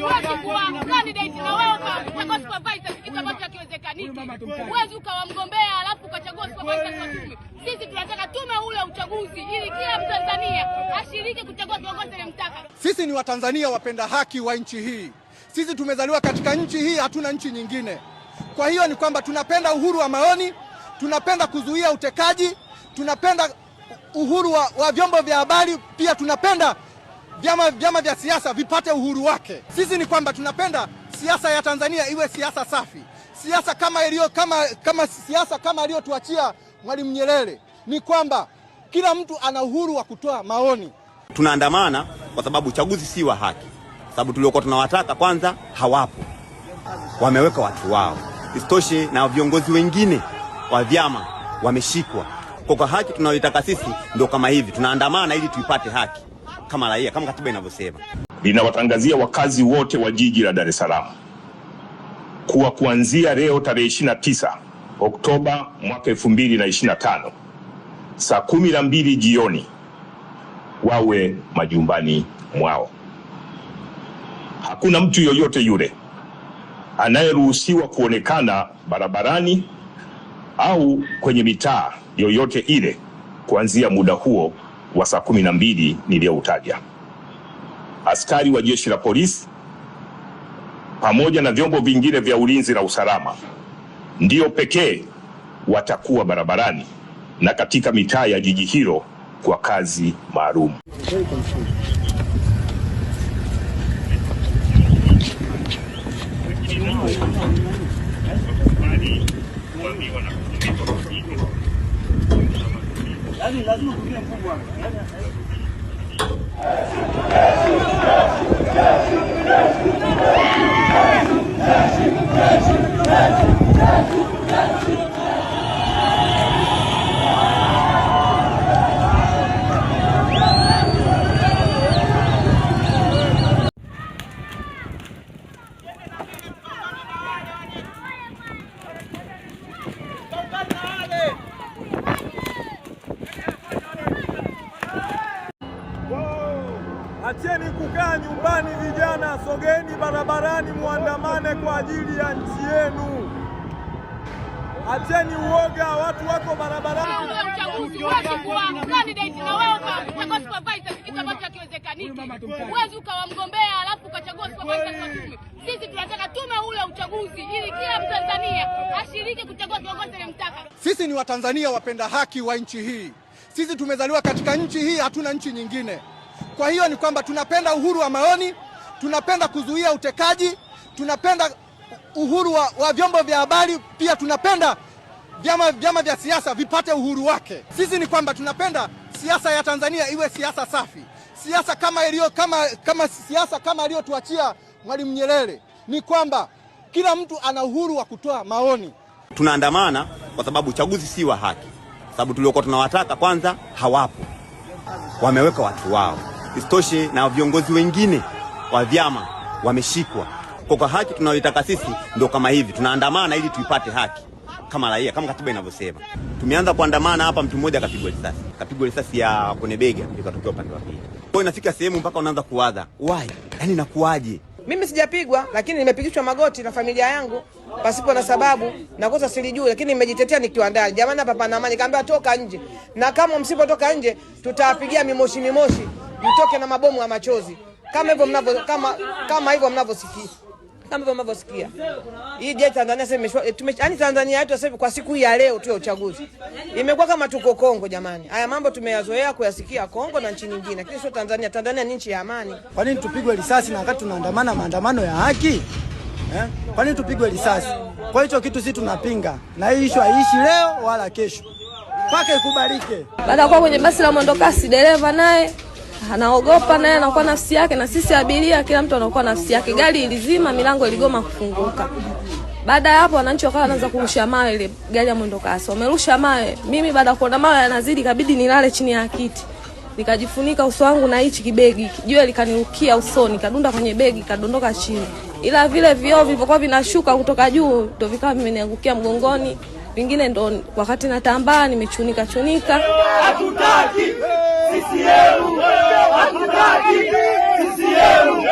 kuwa candidate na wewe supervisor, kitu ambacho Huwezi ukawa mgombea alafu ukachagua supervisor kwa tume. Sisi tunataka tume ule uchaguzi, ili kila Mtanzania ashiriki kuchagua kiongozi anayemtaka. Sisi ni Watanzania wapenda haki wa nchi hii. Sisi tumezaliwa katika nchi hii, hatuna nchi nyingine. Kwa hiyo ni kwamba tunapenda uhuru wa maoni, tunapenda kuzuia utekaji, tunapenda uhuru wa, wa vyombo vya habari, pia tunapenda vyama, vyama vya siasa vipate uhuru wake. Sisi ni kwamba tunapenda siasa ya Tanzania iwe siasa safi, siasa kama iliyo kama, kama siasa kama aliyotuachia Mwalimu Nyerere, ni kwamba kila mtu ana uhuru wa kutoa maoni. Tunaandamana kwa sababu uchaguzi si wa haki, sababu tuliokuwa tunawataka kwanza hawapo, wameweka watu wao. Isitoshe na viongozi wengine wa vyama wameshikwa. Kwa kwa haki tunayoitaka sisi ndio kama hivi, tunaandamana ili tuipate haki kama raia, kama katiba inavyosema. Linawatangazia wakazi wote wa jiji la Dar es Salaam kuwa kuanzia leo tarehe 29 Oktoba mwaka 2025 saa kumi na mbili jioni wawe majumbani mwao. Hakuna mtu yoyote yule anayeruhusiwa kuonekana barabarani au kwenye mitaa yoyote ile kuanzia muda huo wa saa kumi na mbili niliyoutaja. Askari wa jeshi la polisi pamoja na vyombo vingine vya ulinzi na usalama ndio pekee watakuwa barabarani na katika mitaa ya jiji hilo kwa kazi maalum. Yaani lazima kuingie mkubwa. Naombani vijana, sogeni barabarani, muandamane kwa ajili ya nchi yenu. Acheni uoga, watu wako barabarani. Huwezi mgombea alafu ukachagua sisi. Tunataka tume ule uchaguzi ili kila Mtanzania ashiriki kuchagua kiongozi anayemtaka. Sisi ni Watanzania wapenda haki wa nchi hii. Sisi tumezaliwa katika nchi hii, hatuna nchi nyingine. Kwa hiyo ni kwamba tunapenda uhuru wa maoni, tunapenda kuzuia utekaji, tunapenda uhuru wa, wa vyombo vya habari, pia tunapenda vyama, vyama vya siasa vipate uhuru wake. Sisi ni kwamba tunapenda siasa ya Tanzania iwe siasa safi, siasa kama ilio, kama, kama siasa kama aliyotuachia Mwalimu Nyerere, ni kwamba kila mtu ana uhuru wa kutoa maoni. Tunaandamana kwa sababu uchaguzi si wa haki, kwa sababu tuliokuwa tunawataka kwanza hawapo, wameweka watu wao. Isitoshe na viongozi wengine wa vyama wameshikwa. Kwa kwa haki tunayoitaka sisi ndio kama hivi, tunaandamana ili tuipate haki kama raia, kama katiba inavyosema. Tumeanza kuandamana hapa, mtu mmoja akapigwa risasi, akapigwa risasi ya kwenye bega, ikatokea upande wa pili. Kwa hiyo inafika sehemu mpaka unaanza kuwadha why, yani nakuaje? Mimi sijapigwa lakini nimepigishwa magoti na familia yangu pasipo na sababu, na kosa silijui, lakini nimejitetea nikiwa ndani. Jamani, hapa pana amani, kaambia toka nje, na kama msipotoka nje tutawapigia mimoshi mimoshi mtoke na mabomu ya machozi kama hivyo mnavyo kama kama hivyo mnavyosikia kama hivyo mnavyosikia hii je, Tanzania sasa imeshwa eh, yaani, Tanzania yetu sasa kwa siku ya leo tu ya uchaguzi imekuwa kama tuko Kongo. Jamani, haya mambo tumeyazoea kuyasikia Kongo na nchi nyingine, lakini sio Tanzania. Tanzania ni nchi ya amani. Kwa nini tupigwe risasi na wakati tunaandamana maandamano ya haki eh? Kwa nini tupigwe risasi? Kwa hicho kitu sisi tunapinga, na hii issue haishi leo wala kesho, mpaka ikubalike. Baada ya kuwa kwenye basi la mwendokasi, dereva naye anaogopa naye anakuwa nafsi yake, na sisi abiria, kila mtu anakuwa nafsi yake. Gari ilizima, milango iligoma kufunguka. Baada ya hapo, wananchi wakawa wanaanza kurusha mawe, ile gari ya mwendo kasi wamerusha mawe. Mimi baada ya kuona mawe yanazidi, kabidi nilale chini ya kiti, nikajifunika uso wangu na hichi kibegi, jua likanirukia usoni, kadunda kwenye begi, kadondoka chini, ila vile vioo vilivyokuwa vinashuka kutoka juu ndio vikawa vimeniangukia mgongoni, vingine ndo wakati natambaa nimechunika chunika, hatutaki Cicieiro! Faculdade Cicieiro!